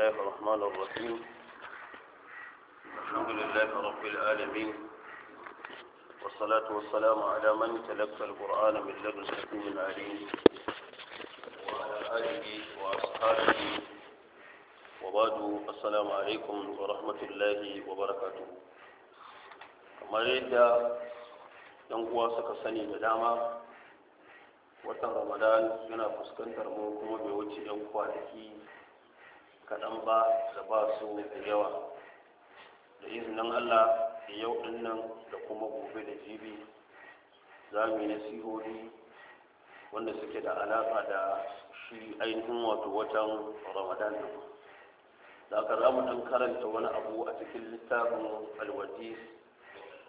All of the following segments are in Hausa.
الله الرحمن الرحيم الحمد لله رب العالمين والصلاة والسلام على من تلقى القرآن من لدن حكيم عليم وعلى آله وأصحابه وبعد السلام عليكم ورحمة الله وبركاته kamar yadda yan uwa suka sani da dama watan ramadan yana fuskantar mu kuma bai wuce yan kwanaki kaɗan ba da ba su da yawa da izinin allah da yau nan da kuma gobe da jibi za mu yi nasihori wanda suke da alaƙa da shi ainihin wato watan ramadan da aka ramu karanta wani abu a cikin littafin alwadis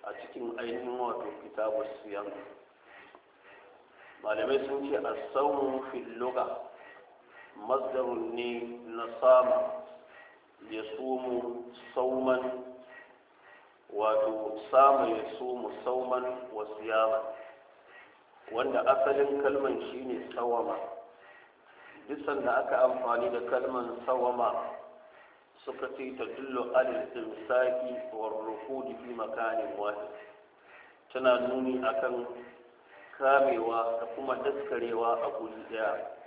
a cikin ainihin wato kitabu siyan malamai sun ce a sauran filoga. مصدر ne نصام يصوم صوما وتصام يصوم صوما وصياما wanda asalin kalman shine tsawama. bisan da aka amfani da kalman tsawama suka ce ta dullo alil imsaki wa rukudi fi makanin wahid tana nuni akan kamewa da kuma daskarewa a guri daya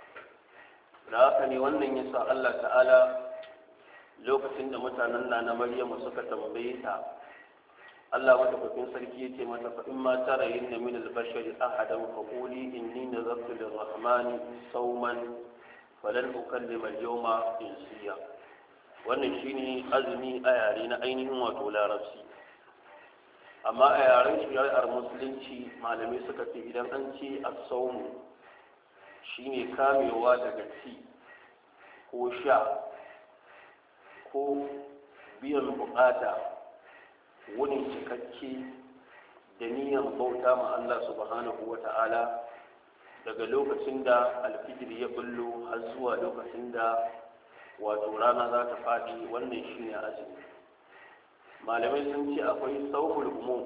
da haka ne wannan ya sa Allah ta'ala lokacin da mutanen na na Maryamu suka tambaye ta Allah madaukakin sarki ya ce mata fa in ma tara yin na min al-bashari ahadan fa quli inni nazartu lir-rahmani sawman falan ukallima al-yawma insiya wannan shine azumi a yare na ainihin wato larabci amma a yaren shari'ar musulunci malamai suka ce idan an ce as-sawmu shine kamewa daga ci ko sha ko biyan bukata wani cikakke da niyan bauta ma Allah subhanahu wa ta'ala daga lokacin da alfijir ya bullo har zuwa lokacin da wato rana za ta faɗi wannan shine azumi malamai sun ce akwai saukul umu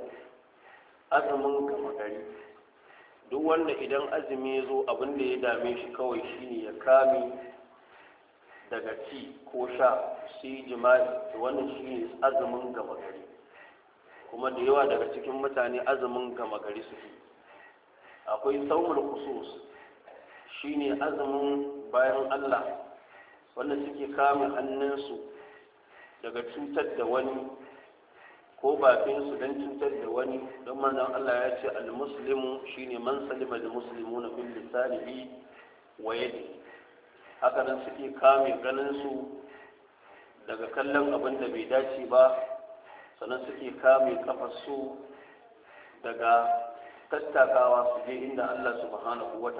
azumin gama gari duk wanda idan azumi ya zo abin da ya dame shi kawai shine ya kame daga ci ko sha sai jima'i wannan shine azumin gama gari kuma da yawa daga cikin mutane azumin gama gari suke akwai saumul shi shine azumin bayan Allah wanda suke kame hannunsu daga cutar da wani ko bakin su dan cutar da wani don manzan Allah ya ce al-muslimu shine man salima al na min lisanihi wa yadi. haka nan suke kame ganin su daga kallon abin da bai dace ba sannan suke kame kafar su daga tattakawa su je inda Allah subhanahu wa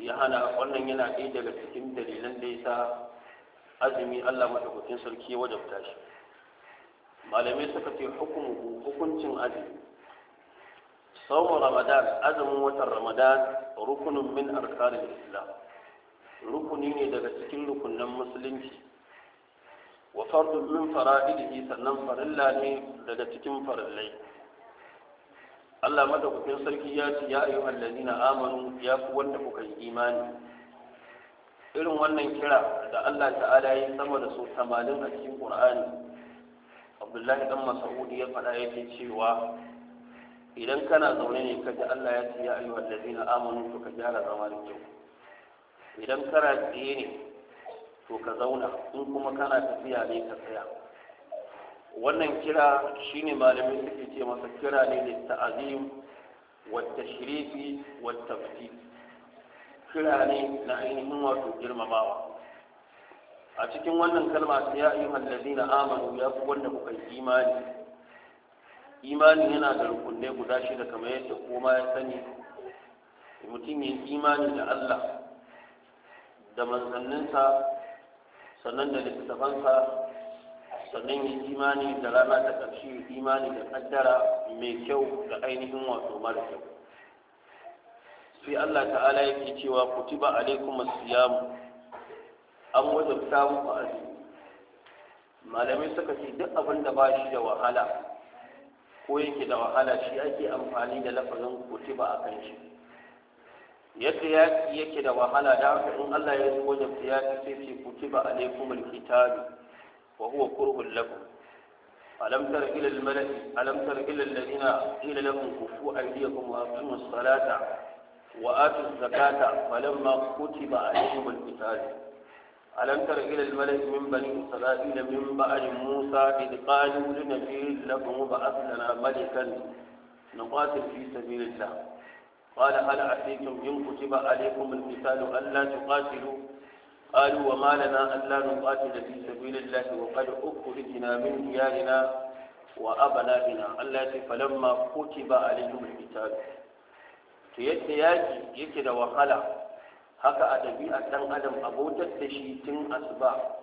ya hana wannan yana ɗaya daga cikin dalilan da ya sa azumi Allah madaukakin sarki ya wajabta shi malamai suka ce hukuncin azumi sauwa ramadan azumin watan ramadan rukunin min arkanin islam rukuni ne daga cikin rukunan musulunci wa fardun min fara'idihi sannan farilla ne daga cikin farillai Allah madaukakin sarki ya ce ya ayyuhal ladina amanu ya fi wanda kuka yi imani irin wannan kira da Allah ta'ala ya sama da su 80 a cikin Qur'ani abdullahi dan mas'udi ya faɗa yake cewa idan kana zaune ne kaji Allah ya ce ya ayyuhal ladina amanu to ka gyara zama da kyau idan kana tsaye ne to ka zauna in kuma kana tafiya ne ka tsaya wannan kira shine malamai suke ce masa kira ne da ta'azim wa shirifi wa tafti kira ne na ainihin wato girmamawa a cikin wannan kalma ya yi hallazi na amanu ya fi wanda kuka yi imani imani yana da rukunai guda shida kamar yadda koma ya sani mutum ya imani da Allah da manzanninsa sannan da littafansa sannan ya imani da rana ta ƙarshe imani da ƙaddara mai kyau da ainihin wato mara kyau sai Allah ta'ala yake cewa kutiba alaikum as-siyam an wajabta muku azumi malamai suka ce duk abin da ba shi da wahala ko yake da wahala shi ake amfani da lafazin kutiba a kan shi yadda ya yake da wahala da haka in Allah ya zo wajen yaƙi sai ce kutiba alaikumul kitabi wa huwa kurhul lakum alam tara ila al malaki alam tara ila alladhina qila lahum kufu aydiyakum wa aqimu as-salata wa atu az-zakata falamma kutiba alaikumul kitabi ألم تر إلى الملك من بني إسرائيل من بعد موسى إذ قالوا لنبي لكم بعث لنا ملكا نقاتل في سبيل الله قال هل عسيتم إن كتب عليكم القتال ألا تقاتلوا قالوا وما لنا ألا نقاتل في سبيل الله وقد أخرجنا من ديارنا وأبنائنا التي فلما كتب عليهم القتال يتياجي يكد وخلق haka a ɗabi'a ɗan adam abotar da shi tun asuba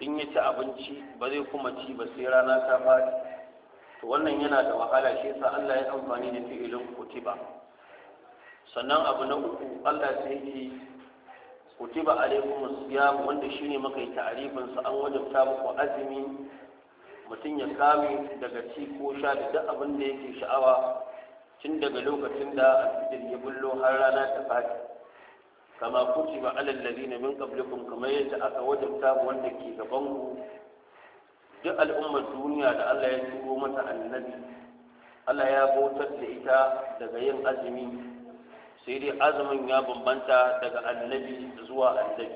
in ya ci abinci ba zai kuma ci ba sai rana ta fadi to wannan yana da wahala shi yasa Allah ya amfani da fi'ilin kutiba sannan abu na uku Allah sai yake kutiba alaikum siyam wanda shine muka yi ta'arifin sa an wajabta muku azumi mutum ya kame daga ci ko sha da duk abin da yake sha'awa tun daga lokacin da alfijir ya bullo har rana ta fadi kama kutiba alal ladina min qablikum kamar yadda aka wajabta wanda ke gaban ku duk al'ummar duniya da Allah ya turo mata annabi Allah ya bautar da ita daga yin azumi sai dai azumin ya bambanta daga annabi zuwa annabi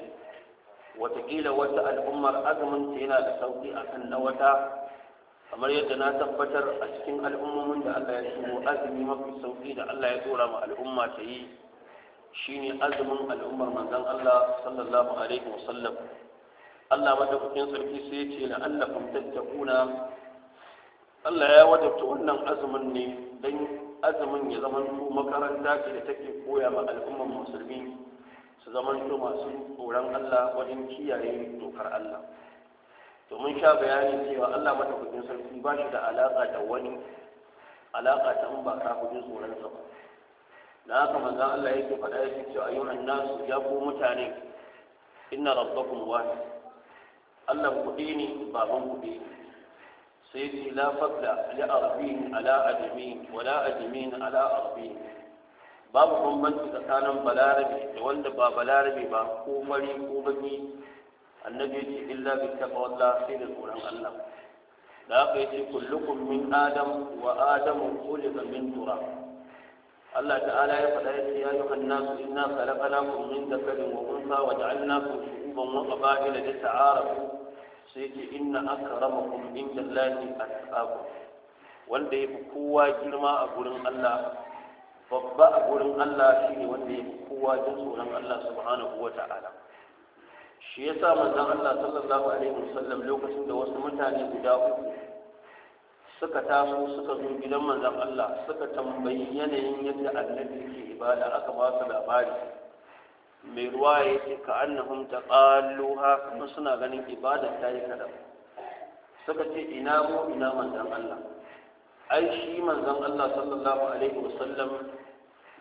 watakila wata al'ummar azumin ta yana da sauki akan na wata kamar yadda na tabbatar a cikin al'ummomin da Allah ya turo azumi mafi sauki da Allah ya tsora ma al'umma ta yi shine azumin al'ummar manzon Allah sallallahu alaihi wasallam Allah madaukakin sarki sai ya ce la'allakum tattaquna Allah ya wadabta wannan azumin ne dan azumin ya zama makaranta ce da take koya ma al'ummar musulmi su zama masu tsoron Allah wajen kiyaye dokar Allah domin sha bayani cewa Allah madaukakin sarki ba shi da alaka da wani alaka ta in ba ka tsoron sa ba na haka manzan Allah yake faɗa yake cewa ayyuhan nasu ya ku mutane inna rabbakum wahid Allah kuɗi ne baban kuɗi ne sai ce la fadla li arabin ala ajmin wala ajmin ala arabin babu bambanci tsakanin balarabe da wanda ba balarabe ba ko fari ko baki annabi ce illa bi taqwallah sai da tsoron Allah da haka yace kullukum min adam wa adamu khuliqa min turab Allah ta'ala ya faɗa ya ce ya yi hannasu inna khalaqnakum min dhakarin wa unsa wa ja'alnakum shu'uban wa da lita'arafu sai ce inna da inda a atqakum wanda ya fi kowa girma a gurin Allah babba a gurin Allah shine wanda ya fi kowa jin tsoron Allah subhanahu wa ta'ala shi yasa manzon Allah sallallahu alaihi wasallam lokacin da wasu mutane guda uku suka taso suka zo gidan manzan Allah suka tambayi yanayin yadda annabi ke ibada aka ba su labari mai ruwa ya ce ka annahum ta ƙalluha kuma suna ganin ibada ta yi kaɗan suka ce ina mu ina manzan Allah ai shi manzan Allah sallallahu alaihi wasallam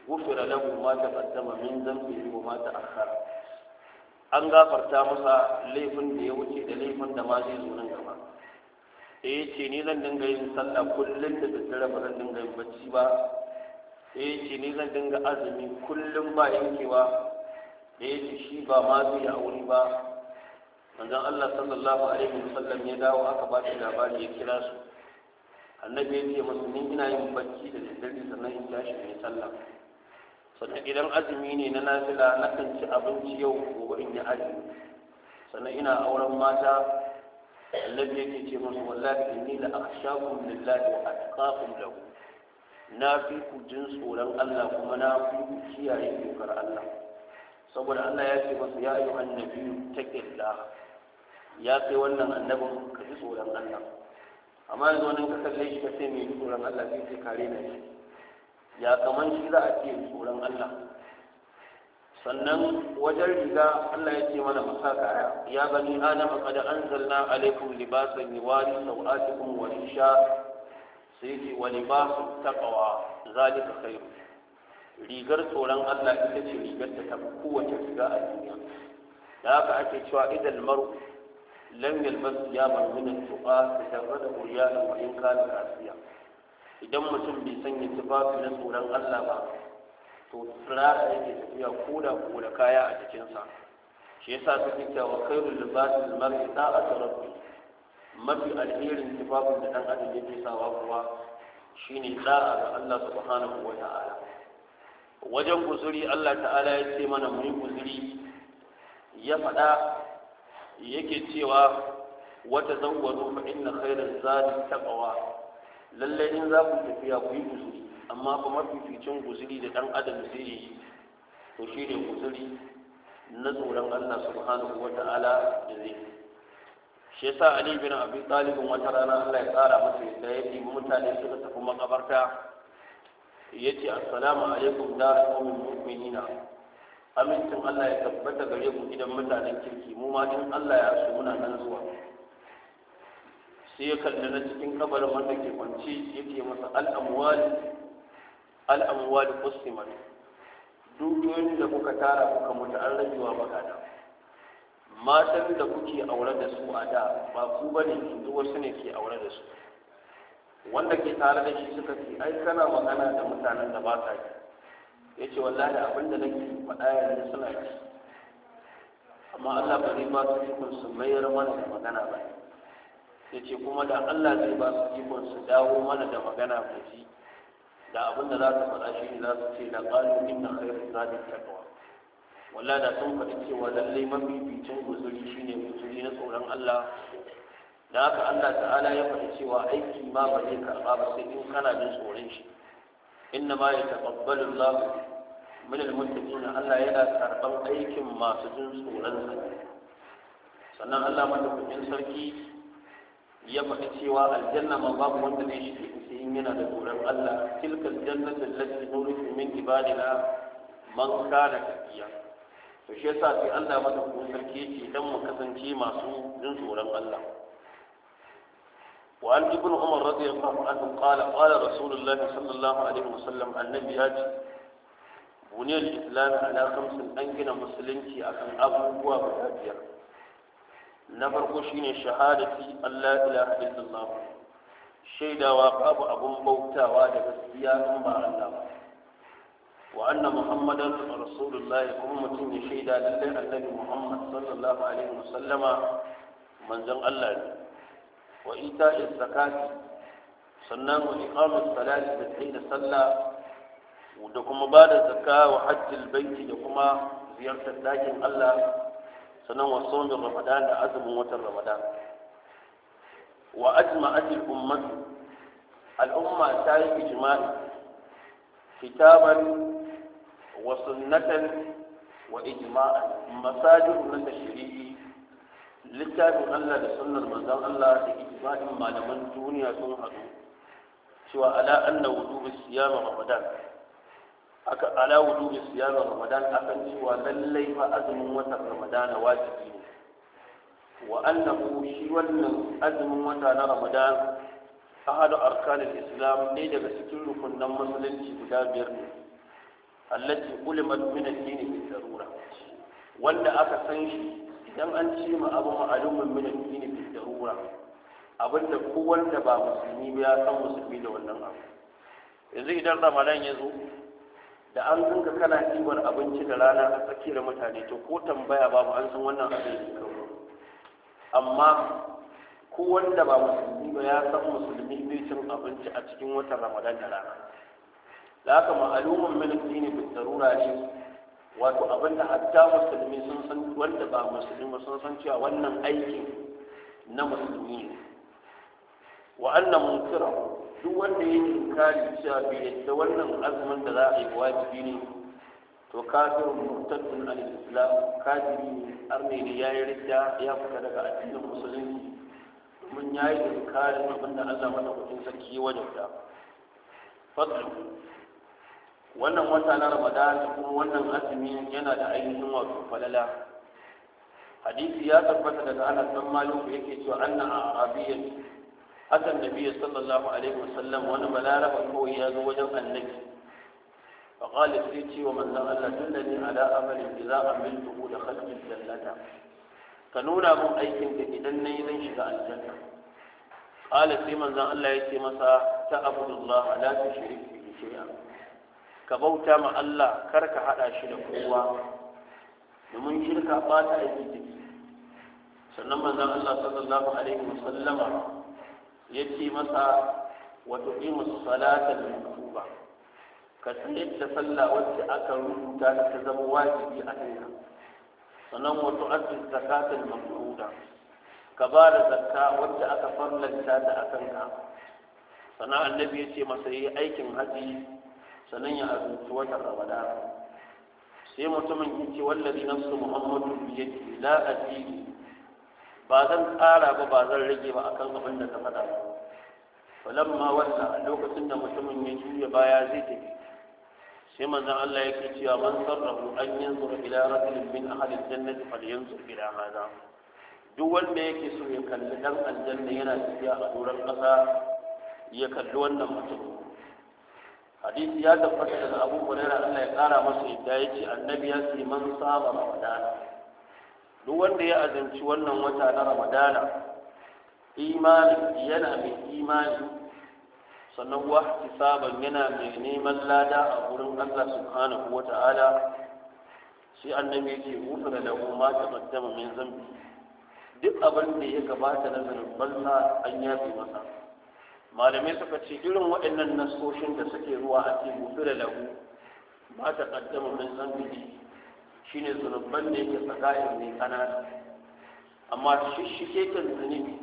gufira lahu ma ta qaddama min dhanbihi wa ma ta akhara an gafarta masa laifin da ya wuce da laifin da ma zai zo nan gaba sai ya ce ni zan dinga yin sallah kullum da daddare ba zan dinga yin bacci ba sai ya ce ni zan dinga azumi kullum ba yankewa da ya ce shi ba ma zai a wuri ba manzon Allah sallallahu alaihi wasallam ya dawo aka ba shi labari ya kira su annabi ya ce musu ni ina yin bacci da daddare sannan in tashi ne sallah sannan idan azumi ne na nafila na kan ci abinci yau gobe in yi azumi sannan ina auren mata annabi yake ce musu wallahi inni la akhshakum lillahi wa atqakum lahu na fi ku tsoron Allah kuma na fi kiyaye dokar Allah saboda Allah ya ce masa ya yi annabi taqillah ya kai wannan annabin ka ji tsoron Allah amma yanzu wani ka kalle shi ka ce mai tsoron Allah sai ka kare na ya kaman shi za a ce tsoron Allah sannan wajen riga Allah ya ce mana masa kaya ya bani adam qad anzalna alaikum libasan yuwari sawatikum wa risha sai wa libasu taqwa zalika khairu rigar tsoron Allah ita ce rigar ta tafi kowace riga a duniya da haka ake cewa idan maru lam yalbas ya marmuna tuqa tajarrada riya wa in kana kasiya idan mutum bai sanya tufafi na tsoron Allah ba to yake tafiya koda koda kaya a cikinsa. shi yasa suke cewa khairul libasil mar'i ta'atu rabbi mafi alherin tufafin da dan adam yake sawa kuwa shine tsara ga Allah subhanahu wa ta'ala wajen guzuri Allah ta'ala ya ce mana mu yi guzuri ya faɗa yake cewa wata zangwaro fa inna khairan zadi taqwa lalle in za ku tafiya ku yi guzuri amma ba mafificin guzuri da ɗan adam zai yi to shi ne guzuri na tsoron Allah subhanahu wa ta'ala da zai shi yasa Ali bin abin Talib wata rana Allah ya tsara masa da ya yi mutane suka tafi makabarta yace assalamu alaikum da qaumin mu'minina amincin Allah ya tabbata gare ku idan mutanen kirki mu ma din Allah ya so muna nan zuwa sai ya kalli na cikin kabarin wanda ke kwanci yake masa al'amwali al'amuwa kusurman dukiyoyin da kuka tara kuka mutu an rajewa makana matan da kuke aure da su a da ba ku ba ne yanzu wasu ne ke aure da su wanda ke tare da shi suka fi ai kana magana da mutanen da ba sa yi ya ce wallahi abin da nake faɗa ne suna yi amma allah bari ba su ikon su mayar mana da magana ba ya ce kuma da allah zai ba su ikon su dawo mana da magana ba ji da abin da za su faɗa shi za su ce da ƙalu inna khairu zadi taqwa wallahi da sun faɗi cewa lalle mafificin guzuri shine guzuri na tsoron Allah da haka Allah ta'ala ya faɗi cewa aiki ma ba zai karɓa ba sai in kana jin tsoron shi inna ma yataqabbalu Allah min al-muttaqin Allah yana karɓan aikin masu jin tsoron sa sannan Allah madaukakin sarki ya faɗi cewa aljanna ma babu wanda zai shige ta sai yana da tsoron Allah tilka aljannatu allati nurisu min ibadina man kana taqiya to shi yasa sai Allah mata ko sarki yake dan mu kasance masu jin tsoron Allah وعن ابن عمر رضي الله عنه قال قال رسول الله صلى الله ya ce. Buniyar هاجي ala الإسلام على خمس Musulunci akan abubuwa أبو بكر na farko shine shahadati Allah ilaha illallah shaidawa babu abun bautawa da gaskiya in ba Allah ba wa anna muhammadan rasulullahi kuma mutum ya shaida lallai annabi muhammad sallallahu alaihi wasallama manzon Allah ne wa ita'iz zakati sannan wa iqamus salati da tsayin sallah da kuma ba da zakka wa hajjil baiti da kuma ziyartar dakin Allah sannan wa somin ramadan da azumin watan ramadan wa ajma'at al-ummah al ta yi ijma'i kitaban wa sunnatan wa ijma'an masajid na tashri'i littafin Allah da sunnar manzon Allah da ijima'i malaman duniya sun haɗu cewa ala anna wujubi siyam ramadan aka ala wudu siyar ramadan akan cewa lallai fa azumin watan ramadan wajibi ne wa annahu shi wannan azumin wata na ramadan ahadu arkanin islam ne daga cikin rukunnan musulunci guda biyar ne allati ulimat min ad-din bi darura wanda aka san shi idan an ce ma abu ma'alumin min ad-din bi darura abinda ko wanda ba musulmi ba ya san musulmi da wannan abu yanzu idan ramadan ya zo da an zunga kana ibar abinci da rana a tsakiyar mutane to ko tambaya babu an san wannan abin da kawo amma ko wanda ba musulmi ba ya san musulmi bai cin abinci a cikin watan ramadan da rana da haka ma'alumin miliki ne bin darura ne wato abinda hatta musulmi sun san wanda ba musulmi sun san cewa wannan aikin na musulmi ne wa mun kira. duk wanda ya inkari cewa bai yadda wannan azumin da za a yi wajibi ne to kafirin murtattun al islam kafiri ne arne ya yi rikya ya fita daga addinin musulunci domin ya yi inkarin abin da allah mana kudin sarki wajabta fadlu wannan wata na ramadan kuma wannan azumi yana da ainihin wato falala hadisi ya tabbata daga anas dan malik yake cewa anna arabiyyan atan nabi sallallahu alaihi wasallam wani balaraba kawai ya zo wajen annabi fa qala sai ce wa manzon Allah dullani ala amalin idza amiltu da khalqil jannata ka nuna mun aikin da idan nayi zan shiga aljanna qala sai zan Allah ya ce masa ta abudullah la tushrik bihi shay'a ka bauta ma Allah kar ka hada shi da kowa domin shirka ba ta aiki sannan manzon Allah sallallahu alaihi wasallama ya ce masa wato imus salatar mutuba ka tsayar da sallah wacce aka rubuta da ta zama wajibi a kanka sannan wato addin zakatul mafruda ka ba da zakka wacce aka farlanta da akan ka sannan annabi ya ce masa yi aikin haji sannan ya azumci watan ramadan sai mutumin ya ce wallazi nafsu muhammadu biyadi la ajiri ba zan tsara ba ba zan rage ba akan abin da ka faɗa ba falamma wannan, lokacin da mutumin ya juya baya zai tafi sai manzon Allah yake cewa man sarrafu an yanzu ila rajulin min ahli jannati falyanzur ila hada duk wanda yake so ya kalli dan aljanna yana tafiya a doron ƙasa ya kalli wannan mutum hadisi ya tabbata daga Abu Hurairah Allah ya kara masa yadda yace annabi ya ce man saba ramadana duk wanda ya azanci wannan wata na ramadana imani yana mai imani sannan wahti saban yana mai neman lada a wurin Allah subhanahu wa ta'ala sai annabi yake gufara da umma ta qaddama min zambi duk abin da ya gabata na zanubansa an yafe masa malamai suka ce irin waɗannan nasoshin da suke ruwa ke gufara da ma ta qaddama min zambi shine zunuban da yake tsakanin mai kanana amma shishike kan zunubi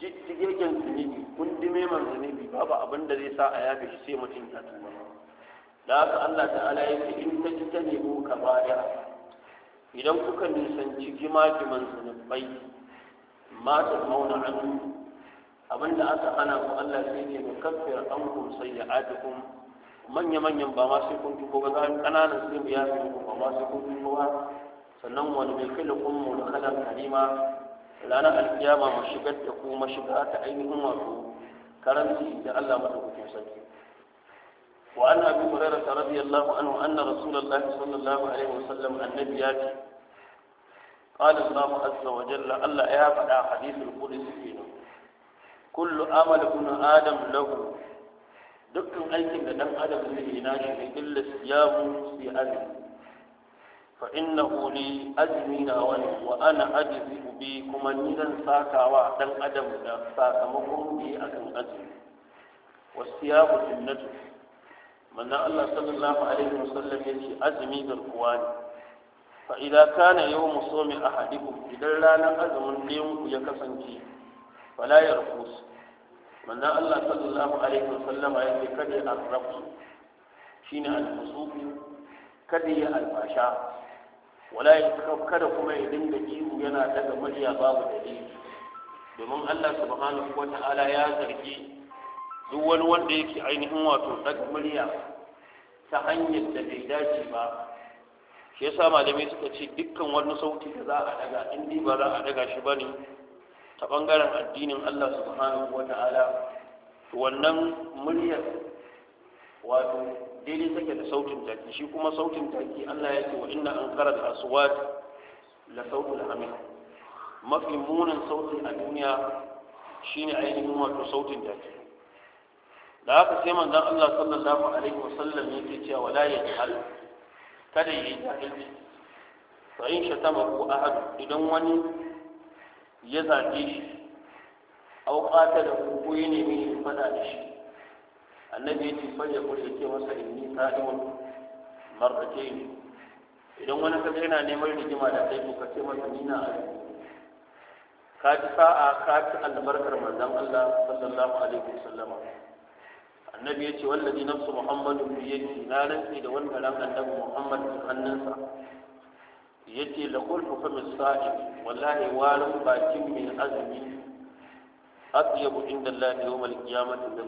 jijjige kan zunubi kundume man zunubi babu abin da zai sa a yafe shi sai mutum ya tuba da haka Allah ta'ala ce in ta ji ta nemo ka baya idan kuka nisanci gima-giman zunubai ma ta mauna an abinda aka hana ku Allah sai ne mu kaffir an kun sayyi'atukum manya-manyan ba ma sai kun tuko ba za ƙananan sai mu yafi muku ba ma sai kun tuko ba sannan wani mai kai kun mu da kalan kalima ranar alkiyama ma shigar da ku shiga ta ainihin wato karanci da Allah madaukakin sarki وعن ابي هريره رضي الله عنه ان رسول الله صلى الله عليه وسلم النبي ياتي قال الله عز وجل الا يا فدا حديث القدس فينا كل عمل ابن ادم له dukkan aikin da dan adam zai yi nashi ne illa siyamu sai azumi. fa innahu li azmi na wani wa ana ajzi bi kuma ni zan sakawa dan adam da sakamakon bi akan azmi wasiyamu sunnatu manzon Allah sallallahu alaihi wasallam yace azumi garkuwa ne fa idza kana yawmu sawmi ahadikum idan ranar azumin ɗayan ku ya kasance fala yarfus manzo Allah sallallahu alaihi wasallama ya ce kada ya arrabu shine al-fusuqi kada ya albasha wala ya kada kuma ya dinga ihu yana daga murya babu dalili domin Allah subhanahu wata'ala ya zargi duk wani wanda yake ainihin wato daga murya ta hanyar da bai dace ba shi yasa malamai suka ce dukkan wani sauti da za a daga indi ba za a daga shi bane ta ɓangaren addinin Allah subhanahu wa ta'ala wannan muryar wato daidai take da sautin taki shi kuma sautin taki Allah ya ce wa inna an kara da aswat la sautul hamil mafi munin sautin a duniya shine ainihin wato sautin taki da haka sai manzon Allah sallallahu alaihi wasallam yake cewa wala ya yajhal kada yi jahilci fa in shatama ku ahad idan wani ya zaɓe shi auƙata da ko ya nemi shi faɗa da shi annabi ya ce fanya ko ya ce masa inni marfake marrake idan wani kaga yana neman rigima da kai ko ka ce masa ni na ayyuka ka ci sa'a ka ci albarkar manzon Allah sallallahu alaihi sallama. annabi ya ce wallazi nafsu muhammadu bi yadihi na rantsi da wanda ran annabi muhammad hannunsa yace la qulfu fa misa'im wallahi walum bakin min azumi atyabu inda Allah yawm al-qiyamati da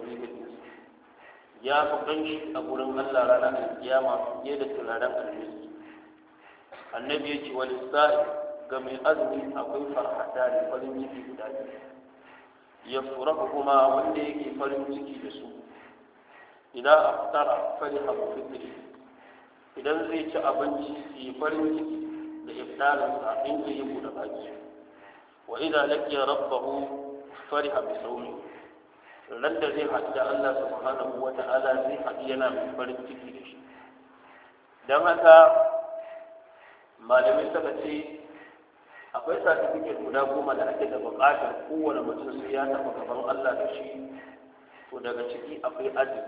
ya fi kanshi a gurin Allah ranar al-qiyama fiye da tunanin almiski annabi ce wal sa'i ga mai azumi akwai farhata da farin ciki guda biyu ya furahu kuma wanda yake farin ciki da su idan aftara fariha bi fitri idan zai ci abinci yi farin ciki لإبدال صاحبهم ولباجه وإذا لقي ربه فرح بصومه لن تزيح حتى الله سبحانه وتعالى زيح لنا من فرد تكيش دم أتا ما لم يستطيع أقول ساتبك المناقو على لأكد بقاك القوة لما تنسيانا وكفر الله تشيء ودقى تكي أقول أجل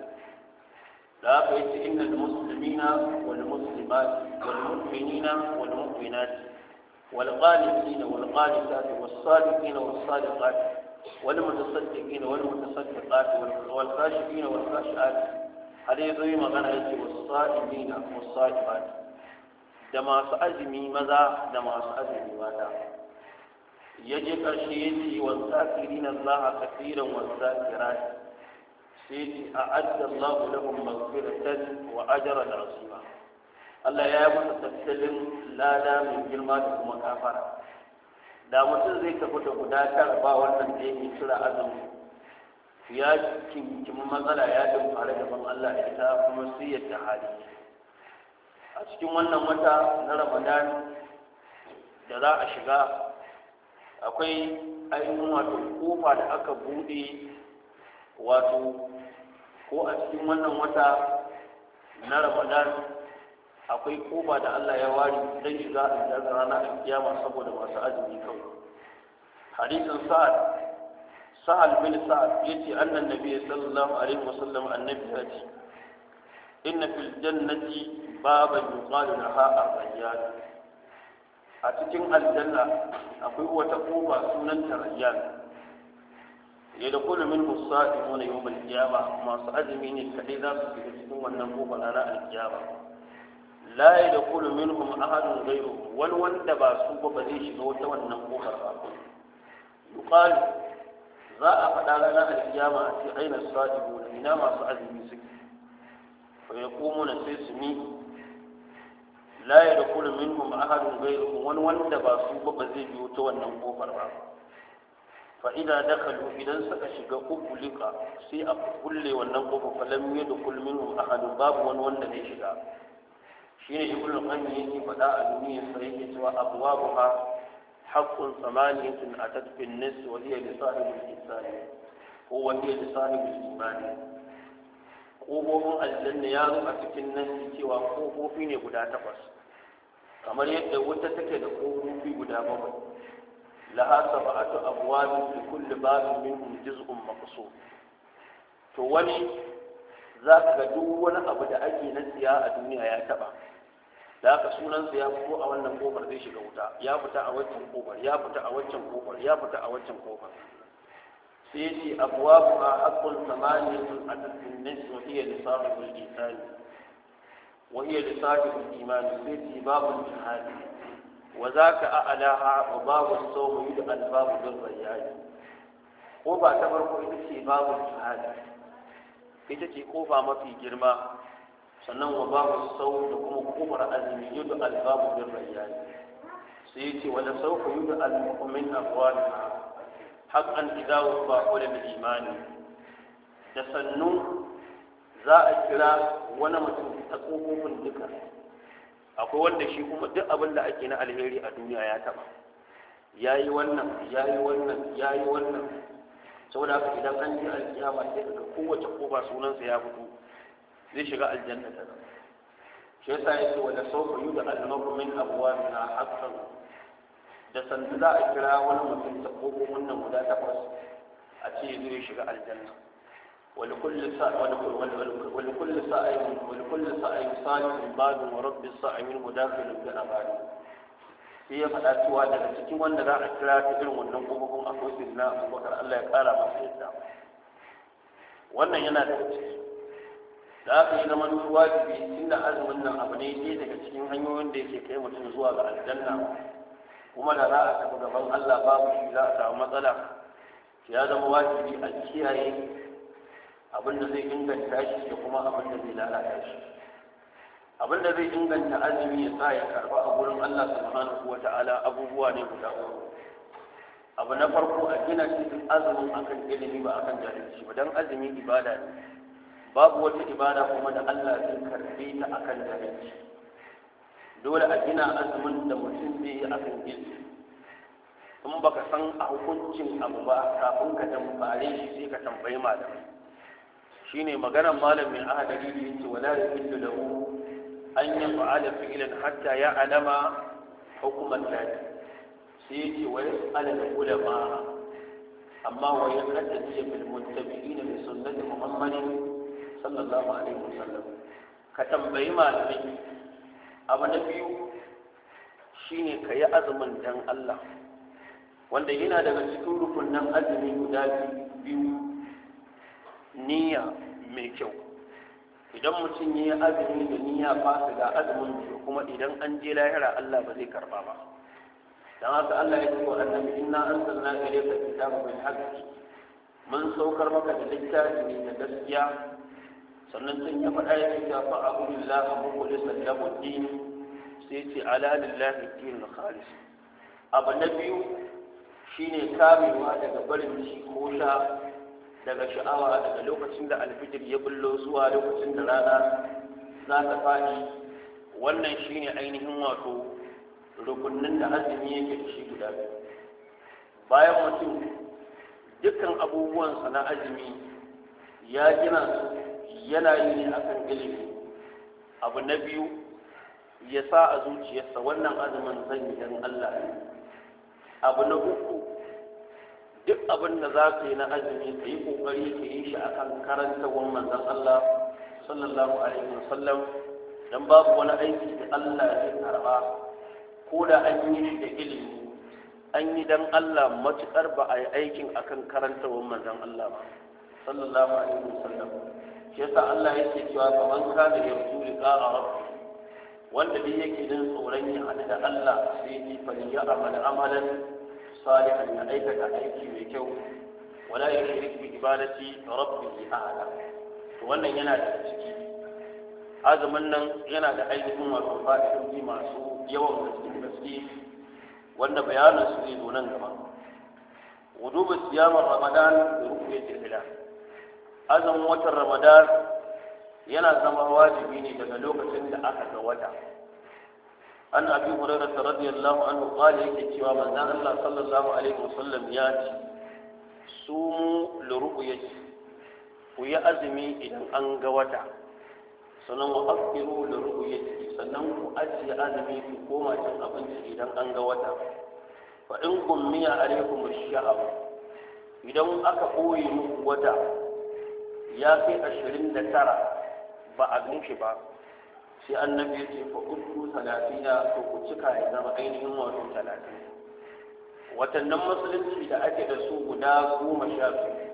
da aka yi cikin na na haka yace innal muslimina wal muslimat wal mu'minina wal mu'minat wal qanitina wal qanitat was sadiqina wani sadiqat wal mutasaddiqina wal mutasaddiqat wal khashina wal khashat hadai zai magana ya yace was sa'imina was sa'imat da masu azumi maza da masu azumi mata yaje karshe yace was zakirina Allah kaseeran was zakirat sai a adda da kuma maghfiratan wa ajran ba. Allah ya yi masa tattalin lada mai girma da kuma kafara da mutum zai tafi da guda tar ba wannan da yake kira azumi ya kinkin matsala ya dumfare da ban Allah ya ta kuma siyar da hali a cikin wannan wata na ramadan da za a shiga akwai ainihin wato kofa da aka buɗe wato ko a cikin wannan wata na ramadan akwai koba da Allah ya wari dan shiga rana a kiyama saboda masu azumi kawai hadisin sa'ad sa'ad bin sa'ad yace annan biya sallallahu alaihi wasallam annabi ya ce inna fil jannati baban yuqalu laha ar-rayyan a cikin aljanna akwai wata koba sunan tarayyar. ya da kullu min musaimuna yawm al-qiyama masu azumi ne kadai za su fi cikin wannan kofar na al-qiyama la ya da min kuma ahadun gairu wani wanda ba su ba ba zai shiga wata wannan kofar ba yuqal za a faɗa ranar al a ce aina gona ina masu azumi suke fa na sai su mi la ya da min kuma ahadun gairu wani wanda ba su ba ba zai biyo ta wannan kofar ba fa'ida da kalu idan suka shiga kubulika sai a kulle wannan kofa falam yadu kulmin ahadun babu wani wanda zai shiga shine ibn al-qayyim yake faɗa a duniya sai yake cewa abwabuha haqqun samaniyatun atat bin nas wa hiya li sahibi al-insani huwa kofofin aljanna ya a cikin nan cewa kofofi ne guda takwas kamar yadda wuta take da kofofi guda bakwai laha sab'atu abwabin li kulli babin minhum juz'un maqsum to wani za ka ga duk wani abu da ake na siya a duniya ya taba da haka sunansa ya fito a wannan kofar zai shiga wuta ya fita a waccan kofar ya fita a waccan kofar ya fita a waccan kofar sai ya sai babu jihadi wa za ka a'alaha wa babu sauhu yi albabu don bayyani ƙofa ta farko ita ce babu jihadi ce mafi girma sannan wa babu sauhu da kuma ƙofar azumi yi albabu don bayyani sai ya ce wani sauhu yi almu'min afwalina haƙƙan idawar ba kula da imani da sannu za a kira wani mutum ta ƙofofin duka akwai wanda shi kuma duk abin da ake na alheri a duniya ya taba ya yi wannan ya yi wannan ya yi wannan saboda haka idan an ji alkiyama sai daga kowace kofa sunansa ya fito zai shiga aljanna ta shi yasa yake wala sawfa yi da maru min abwabina haqqan da sandu za a kira wani mutum ta kofofin nan guda takwas a ce zai shiga aljanna ولكل سعي ولكل سعي ولكل سعي صالح بال ورب السعي منه داخل الجنبان sai ya faɗa cewa daga cikin wanda za a kira ta irin wannan ƙofofin akwai sirna abubakar allah ya ƙara masa yadda wannan yana da ciki da aka yi zaman wajibi inda azumin nan abu ne ne daga cikin hanyoyin da yake kai mutum zuwa ga aljanna kuma da za a tafi gaban allah babu shi za a samu matsala ya zama wajibi a kiyaye abin da zai inganta shi da kuma abin da zai lalata shi abin da zai inganta azumi ya sa ya karba a gurin Allah subhanahu ta'ala abubuwa ne guda uku abu na farko a gina cikin azumin akan ilimi ba akan jahilci ba dan azumi ibada ne babu wata ibada kuma da Allah zai karbe ta akan jahilci dole a gina azumin da mutum zai yi akan ilimi in baka san a hukuncin abu ba kafin ka tambare shi sai ka tambayi malamai shine maganar malam mai ahadari da yake wala yuhillu lahu an yaf'ala fi'lan hatta ya'lama hukuman lahi sai yake wa yas'ala ulama amma wa yaqaddi bil muttabi'ina bi sunnati muhammadin sallallahu alaihi wasallam ka tambayi malamin. abu na biyu shine ka yi azumin dan Allah wanda yana daga cikin rukunin azumi guda biyu niyya mai kyau idan mutum ya yi azumi da niyya ba su ga azumin biyu kuma idan an je lahira Allah ba zai karba ba Don haka Allah ya ce wa annabi inna anzalna ilayka kitaba bil haqqi mun saukar maka da littafi ne da gaskiya sannan sun ya faɗa ya ce fa abudullahi mukhlisha lahu din sai ce ala lillahi dinul khalis abu na biyu shine kamewa daga barin shi ko sha daga sha'awa daga lokacin da alfijir ya bullo zuwa lokacin da rana za ta faɗi wannan shi ne ainihin wato rukunin da azumi yake da shi guda biyu bayan mutum dukkan abubuwansa na azumi ya gina su yana yi ne akan ilimi abu na biyu ya sa a zuciyarsa wannan azumin zan yi don Allah abu na uku duk abin da za ka yi na azumi ka yi ƙoƙari ka yi shi a kan akan wannan manzon Allah sallallahu alaihi wa wasallam dan babu wani aiki da Allah ya karba ko da an yi shi da ilimi an yi don Allah matuƙar ba a yi aikin a kan akan wannan manzon Allah ba sallallahu alaihi wa sallam, shi yasa Allah ya yake cewa kaman ka da ya yanzu liqa rabbi wanda duk yake din tsoron yin hada da Allah sai ni fa ya amala amalan صالحا ya aikata aiki mai kyau wala ya shirik bi ibadati wannan yana da ciki azumin nan yana da ainihin wato fa'idoji masu yawan gaske gaske Wannan bayanin su ne zo nan gaba wudubu siyamar ramadan da azumin watan ramadan yana zama wajibi ne daga lokacin da aka ga wata an abi hurairah radiyallahu anhu qala yake cewa manzon Allah sallallahu alaihi wasallam ya ce sumu liru'yati ku yi azumi idan an ga wata sannan ku afiru da rubuye sannan ku ajiye azumi ku koma cin abinci idan an ga wata fa in gummiya alaikum sha'ab idan aka koyi muku wata ya kai ashirin da tara ba a gan shi ba sai annabi ya ce fa uddu talatina to ku cika ya zama ainihin wato talatin watannin musulunci da ake da su guda goma sha biyu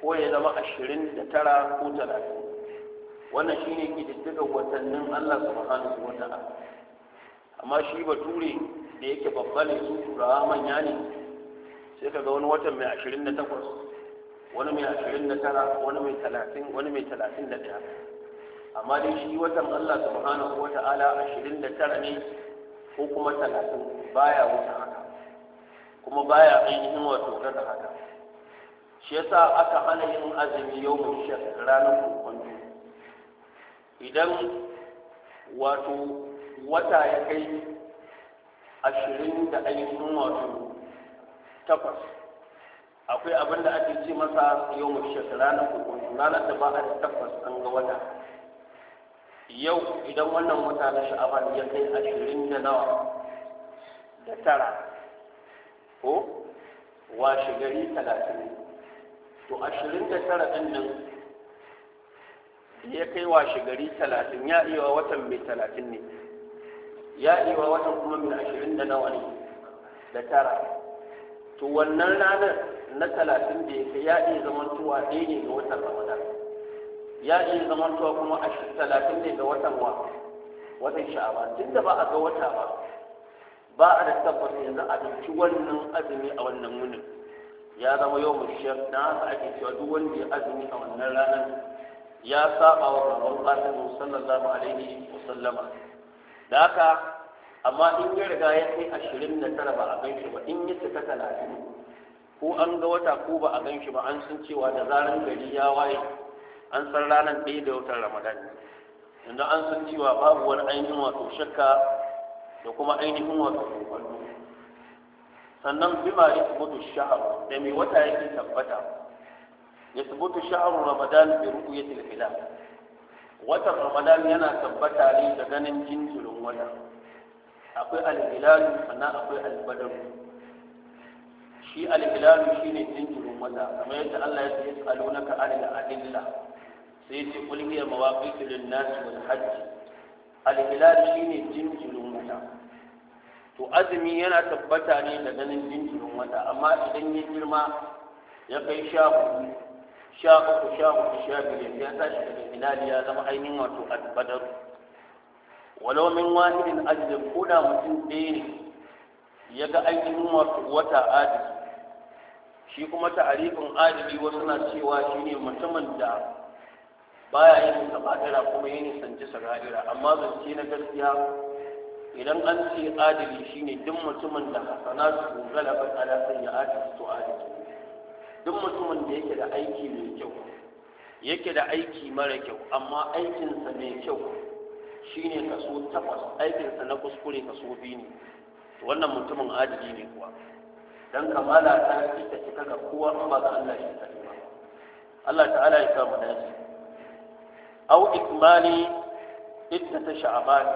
ko ya zama ashirin da tara ko talatin wannan shine ƙididdigar watannin allah subhanahu wa ta'ala amma shi bature da yake babba ne su turawa manya ne sai ka ga wani watan mai ashirin da takwas wani mai ashirin da tara wani mai talatin wani mai talatin da tara. amma dai shi watan Allah subhanahu wa ta'ala 29 ne ko kuma 30 baya wuce haka kuma baya ainihin wato daga haka shi yasa aka hana yin azumi yau mun shek ranar kokon idan wato wata ya kai ashirin da ainihin wato takwas akwai abin da ake ce masa yau mun shek ranar kokon ranar da ba a da takwas an ga wata yau idan wannan wata na sha'aban ya kai ashirin da nawa da tara ko washe gari talatin to ashirin da tara ɗin nan ya kai washe gari talatin ya iya watan mai talatin ne ya iya watan kuma mai ashirin da nawa ne da tara to wannan ranar na talatin da ya kai ya iya zaman tuwa ɗaya ne ga watan ramadan ya iya zamantowa kuma a shi talatin ne ga watan wa watan sha'aba tun da ba a ga wata ba ba a da tabbata yanzu a ɗauki wannan azumi a wannan wunin ya zama yau mushiyar na haka ake cewa duk wanda ya azumi a wannan ranar ya saba wa babban fatan sallallahu alaihi wa sallama da haka amma in ya riga ya kai ashirin da tara ba a gan shi ba in ya cika talatin ko an ga wata ko ba a gan shi ba an san cewa da zaran gari ya waye an san ranar ɗaya da watan ramadan Inda an san cewa babu wani ainihin wato shakka da kuma ainihin wato kwallo sannan bima ya sabutu sha'ar da mai wata yake tabbata ya sabutu sha'ar ramadan bi ru'yatil hilal watan ramadan yana tabbata ne da ganin jinjirin wata akwai al-hilal sannan akwai al shi al-hilal shine jinjirin wata kamar yadda Allah ya ce yas'alunaka 'anil adilla sai ce kul hiya lin nas wal hajj al hilal shine jinjirin wata to azumi yana tabbata ne da ganin jinjirin wata amma idan ya girma ya kai sha hudu sha uku sha hudu sha biyar ya tashi daga hilal ya zama ainihin wato albadar walau min wahidin ko koda mutum ɗaya ne ya ga ainihin wata adili shi kuma arifin adili wasu na cewa shine mutumin da baya yin kaba'ira kuma yin nisanci sara'ira amma zance na gaskiya idan an ce adali shine duk mutumin da hasanatu galabat ala sayyi'ati to adali duk mutumin da yake da aiki mai kyau yake da aiki mara kyau amma aikinsa mai kyau shine kaso takwas aikinsa na kuskure kaso biyu ne wannan mutumin adali ne kuwa dan kamala ta ita cika ga kowa in ba ga Allah shi ta Allah ta'ala ya sa dace au ikmali iddata sha'ban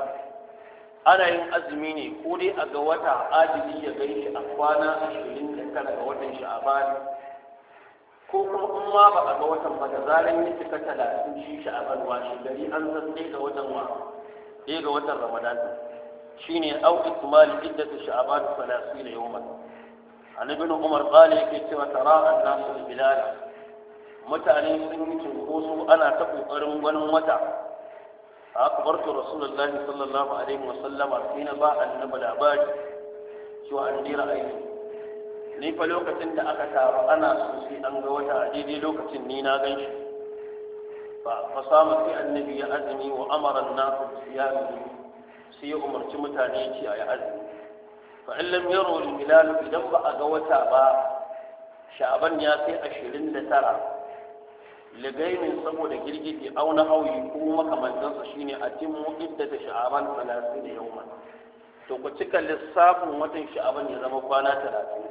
ana yin azumi ne ko dai a ga wata adili ya gani a kwana ashirin da tara ga watan sha'ban ko kuma in ma ba a ga watan ba da zaran shi sha'ban washe gari an san sai watan ikmali iddata sha'ban umar qala yake cewa tara an-nasu mutane sun yi cinkoso ana ta ƙoƙarin ganin wata a akabarta rasulullahi sallallahu alaihi wa wasallama sai na ba annaba labari cewa an jira aiki ni fa lokacin da aka taru ana sosai an ga wata a daidai lokacin ni na gan shi Ba fa samu sai annabi ya azumi wa amara nasu siyami sai ya umarci mutane ce a yi azumi fa in lam yaro hilal idan ba a ga wata ba Shaban ya kai ashirin da tara ligaimin saboda girgiti auna hauyi ko makamantansa shine a timmu idda da sha'aban talatin da yawman to ku cika lissafin watan sha'aban ya zama kwana talatin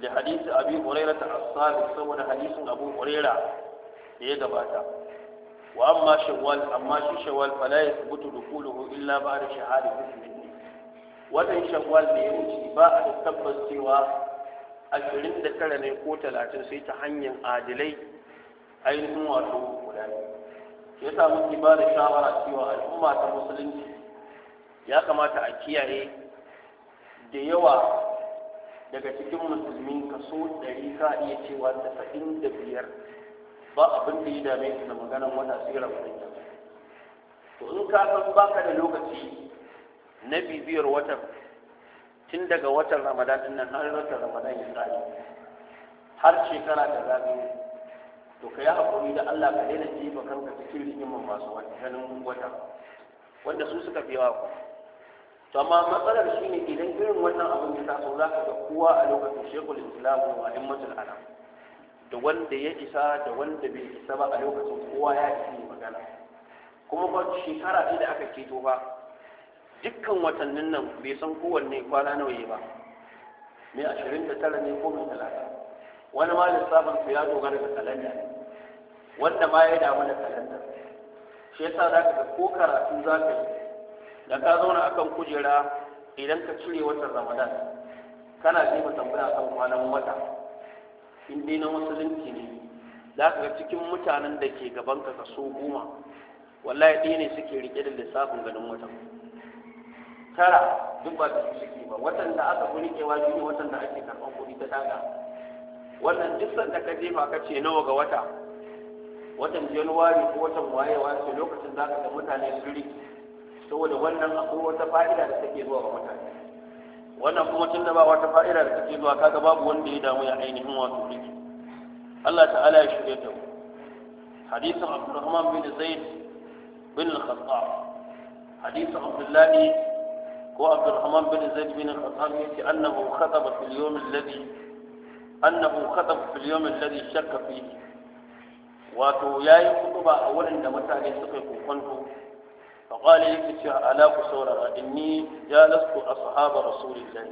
da hadisi abi huraira ta asabi saboda hadisin abu huraira da ya gabata wa amma shawwal amma shi shawwal fala yathbutu dukuluhu illa ba'da shahadati muslimin watan shawwal da ya wuce ba a tabbas da 29 ne ko talatin sai ta hanyar adilai ainihin wato guda shi yasa muke ba da shawara cewa al'umma ta musulunci ya kamata a kiyaye da yawa daga cikin musulmi kaso ɗari ka iya cewa tasa'in da biyar ba abin da ya dame su da maganan wata tsira wani to in ka san baka da lokaci na bibiyar watan tun daga watan ramadan din nan har watan ramadan ya tsari har shekara da zagaye to ka yi haƙuri da Allah ka daina jefa kanka cikin rigimin masu wajen wata wanda su suka fi yawa ku to amma matsalar shi ne idan irin wannan abin ya taso za ka ga kowa a lokacin shekul islam wa himmatul alam da wanda ya isa da wanda bai isa ba a lokacin kowa ya isa magana kuma ba shekara ce da aka keto ba dukkan watannin nan bai san kowanne kwana nawa ba mai ashirin da tara ne ko mai talatin wani ma lissafin su ya dogara da kalanda wanda ma ya damu da kalanda shi yasa za ka ko karatu za ka yi da ka zauna akan kujera idan ka cire watan ramadan kana ji mu tambaya kan kwanan wata in dai na musulunci ne za ka ga cikin mutanen da ke gaban ka kaso goma wallahi ɗaya ne suke rike da lissafin ganin watan tara duk ba su suke ba watan da aka kuri rikewa shi ne watan da ake karɓar kuɗi ta daga wannan duk sanda ka jefa ka ce nawa ga wata watan januwari ko watan wayewa ce lokacin za ka ga mutane shiri saboda wannan akwai wata fa'ida da take zuwa ga mutane wannan kuma tun da ba wata fa'ida da take zuwa kaga babu wanda ya damu ya ainihin wato biki Allah ta'ala ya shirya ta hadisin Abdurrahman bin Zaid bin Al-Khattab hadisin Abdullah ko Abdurrahman bin Zaid bin Al-Khattab yace annahu khataba fil yawm alladhi annahu khataba fil yawm alladhi shakka fihi wato yayi kutuba a waɗanda da mutane suka yi kokonto yake cewa ala ku saurara inni ya lastu ashabu rasulillahi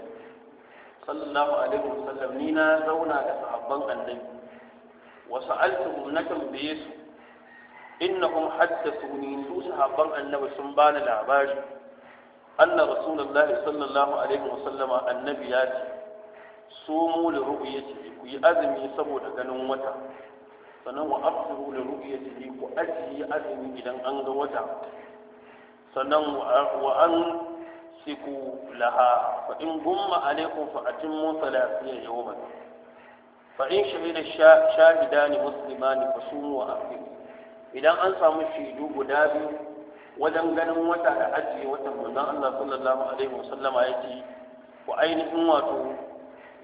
sallallahu alaihi wasallam ni na zauna da sahabban annabi wa sa'altuhum na tambaye su innahum haddathuni su sahabban annabi sun bani labari anna sallallahu alaihi annabi ya ce sumu li ru'yatihi ku yi azumi saboda ganin wata sannan wa afsiru li ru'yatihi ku ajiye azumi idan an ga wata sannan wa an siku laha fa in gumma alaikum fa atimmu salasiya yawman fa in shahida shahidani muslimani fa sumu wa afiru idan an samu shaidu guda biyu wajen ganin wata da ajiye watan manzon Allah sallallahu alaihi wasallama yace ku ainihin wato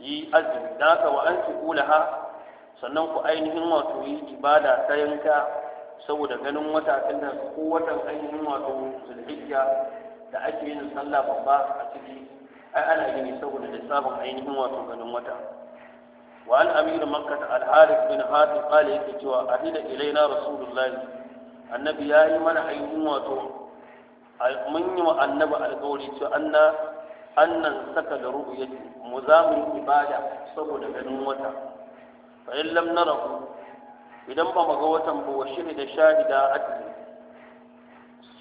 yi azumi da haka wa an kulaha sannan ku ainihin wato yi ibada ta yanka saboda ganin wata tunda ko watan ainihin wato zulhijja da ake yin sallah babba a ciki ai ana yi ne saboda lissafin ainihin wato ganin wata wa an amir makka al-harith bin hatim qala yake cewa ahida ilaina rasulullahi annabi yi mana ainihin wato mun yi wa annabi alƙawari cewa anna annan saka da ru'yati mu za mu yi ibada saboda ganin wata fa in lam narahu idan ba mu ga watan ba wa shahida shahida atli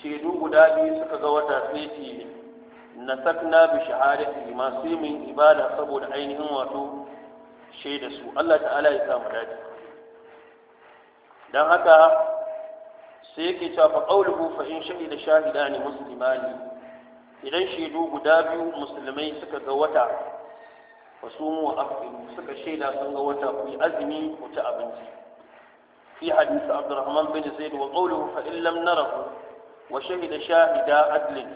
shedu guda biyu suka ga wata sai ce nasakna bi shahadati masu yi min ibada saboda ainihin wato shaida su Allah ta'ala ya sa mu dace dan haka sai yake cewa fa qawluhu fa in shahida shahidani muslimani idan shaidu guda biyu musulmai suka ga wata fasumu afiru suka shaida sun ga wata ku yi azumi ku ci abinci fi hadisi abdurrahman bin zaid wa qawluhu fa in lam narahu wa shahida shahida adlin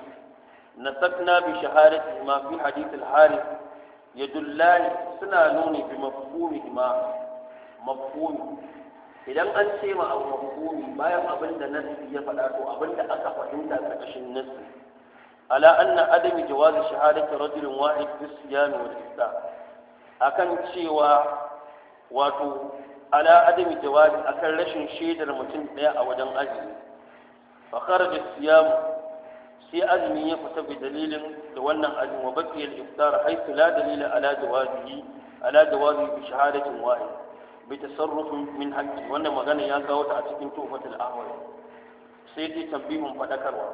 nasakna bi shahadati ma fi hadith al-harith yadullani suna nuni bi mafhumihima mafhumi idan an ce ma abu mafhumi bayan abinda da nasi ya faɗa ko abinda aka fahimta ta ƙashin nasi على أن عدم جواز شهادة رجل واحد بالصيام والإفطار akan cewa wato ala adami jawabi akan rashin shaidar mutum ɗaya a wajen azumi fa kharaja siyam sai azumi ya fita bi dalilin da wannan azumi wa baqi al iftar haythu la dalila ala jawabihi ala jawabi bi shahadatin wahid bi tasarruf min haqqi wannan magana ya kawo ta a cikin da ahwal sai dai tambihun fadakarwa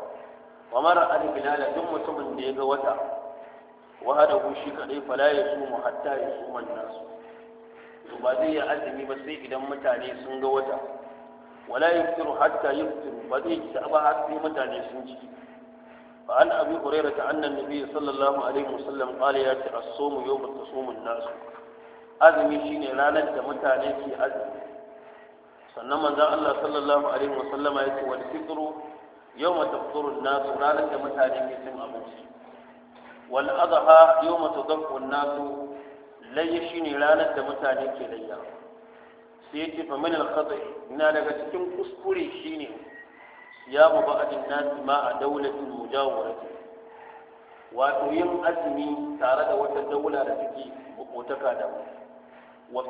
wa mara an bilala duk mutumin da ya ga wata wa hada ku shi kadai fala ya su mu hatta ya su man nasu to ba zai yi azumi ba sai idan mutane sun ga wata wala yaftiru hatta yaftiru ba zai ci ba har sai mutane sun ci fa an abi hurairah anna nabi sallallahu alaihi wasallam qala ya ta as-sawmu yawma tasumu an-nas azumi shine ranar da mutane ke azumi sannan manzon Allah sallallahu alaihi wasallama yace wal fitru yau mata futurun nasu ranar da mutane ke cin abinci wal adha yau mata zafin nasu layya shi ne ranar da mutane ke layya sai ya na daga cikin kuskure shi ne ya mu ba'adin nasi ma a daulatin mujawara wato tare da wata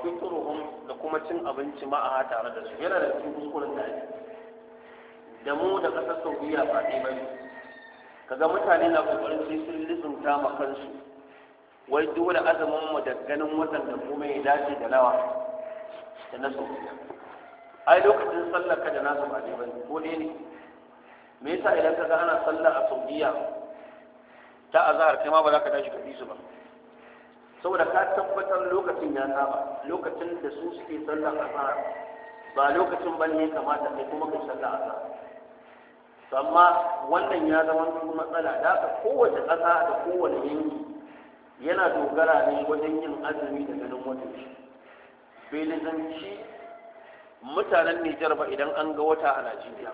da da kuma cin abinci ma'a tare da su yana da cikin kuskuren da mu da ƙasar saudiya ba ne ba ne kaga mutane na ƙoƙarin sai sun lizinta ma kansu wai dole azumin mu da ganin watan da kuma ya dace da nawa da na saudiya ai lokacin sallar ka da nasu ba ne ba ne ko ɗaya ne me yasa idan ka ga ana sallah a saudiya ta azahar kai ma ba za ka tashi ka bi su ba saboda ka tabbatar lokacin ya saba lokacin da su suke sallar azahar ba lokacin ba ne kamata kai kuma kai sallar azahar amma wannan ya zama matsala da haka kowace ƙasa da kowane yanki yana dogara ne wajen yin azumi da ganin wata shi belizanci mutanen nijar ba idan an ga wata a najeriya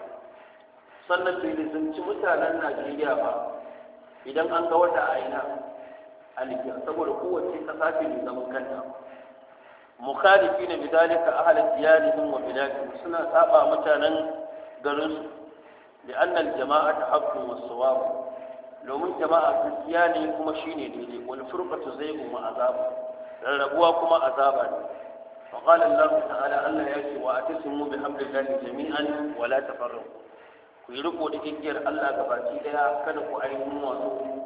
sannan belizanci mutanen najeriya ba idan an ga wata a ina a libya saboda kowace ƙasa ce mai zaman kanta mukhalifi bi bidalika ahalin diyarihim wa biladihim suna saba mutanen garinsu لأن الجماعة حق والصواب لو من جماعة كريستياني كما شيني ديلي والفرقة زيغ وعذاب للربوة كما عذابا فقال الله تعالى ألا يأتي وأتسموا بحمد الله جميعا ولا تفرقوا ويرقوا لكيكير ألا كباكي لها كنقوا أيهم وصوم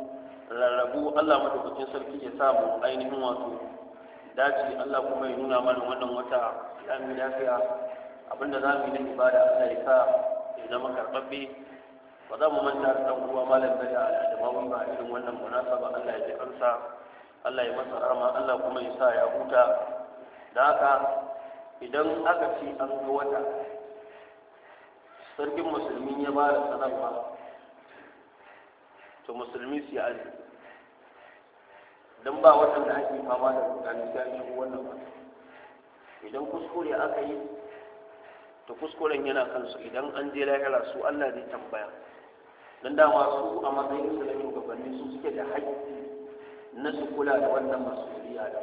rarrabu Allah madaukakin sarki ya samu ainihin wato dace Allah kuma ya nuna mana wannan wata ya mu lafiya abinda za mu yi na ibada Allah ya sa zama karbabbe ba za mu manta da ɗan uwa malam bari a al'adamawan ba irin wannan munasaba Allah ya ji kansa Allah ya masa rahama Allah kuma ya sa ya huta da haka idan aka ci an ga wata sarkin musulmi ya ba da sanarwa to musulmi su yi aji don ba watan da ake fama da rukani ta yi wannan wata idan kuskure aka yi Da kuskuren yana kansu idan an je lahira su Allah zai tambaya dan dama su a matsayin su da shugabanni su suke da haƙƙi na su kula da wannan masuliya da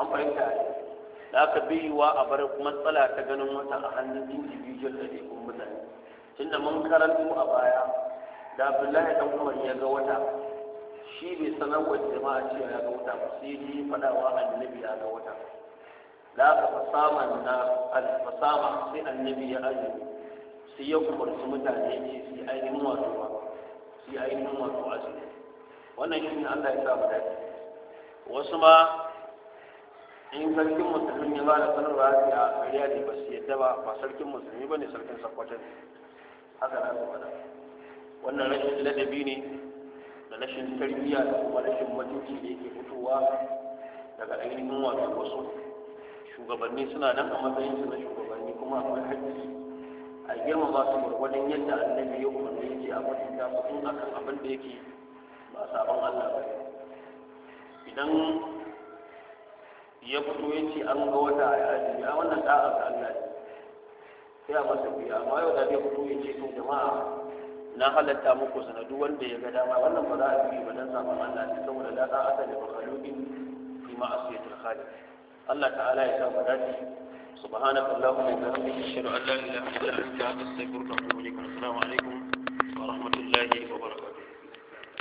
an fahimta da aka biyuwa a bar matsala ta ganin wata a hannun individual da dai kun mutane tunda mun karanto a baya da Abdullahi dan Umar ya ga wata shi bai sanar wa jama'a cewa ya ga wata ba sai ji fadawa annabi ya ga wata da aka fasama na alfasama sai annabi ya aje sai ya umarci mutane ce su yi ainihin wato ba su yi ainihin wato azumi wannan shi ne Allah ya sa mu wasu ma in sarkin musulmi ya ba da sanarwa ya ce a ƙarya ne ba su yadda ba ba sarkin musulmi ba ne sarkin sakwatin haka na faɗa wannan rashin ladabi ne da rashin tarbiyya da kuma rashin mutunci da yake fitowa daga ainihin wato wasu shugabanni suna nan a matsayin su na shugabanni kuma akwai haƙƙi a ba su gwargwadon yadda annabi ya umarni yake a mutunta su in akan abin da yake ba sabon Allah ba idan ya fito ya ce an ga wata a yaji a wannan da'a ga Allah ne sai a masa biya amma yau da zai fito ya ce to jama'a na halatta muku sanadu wanda ya ga dama wannan ba za a yi ba dan sabon Allah ne saboda da za a sani makhluqin fi ma'asiyatil khaliq Allah ta'ala ya sa mu dace subhanaka allahumma wa bihamdika ashhadu an la ilaha illa anta astaghfiruka wa atubu ilaik assalamu alaikum wa rahmatullahi wa barakatuh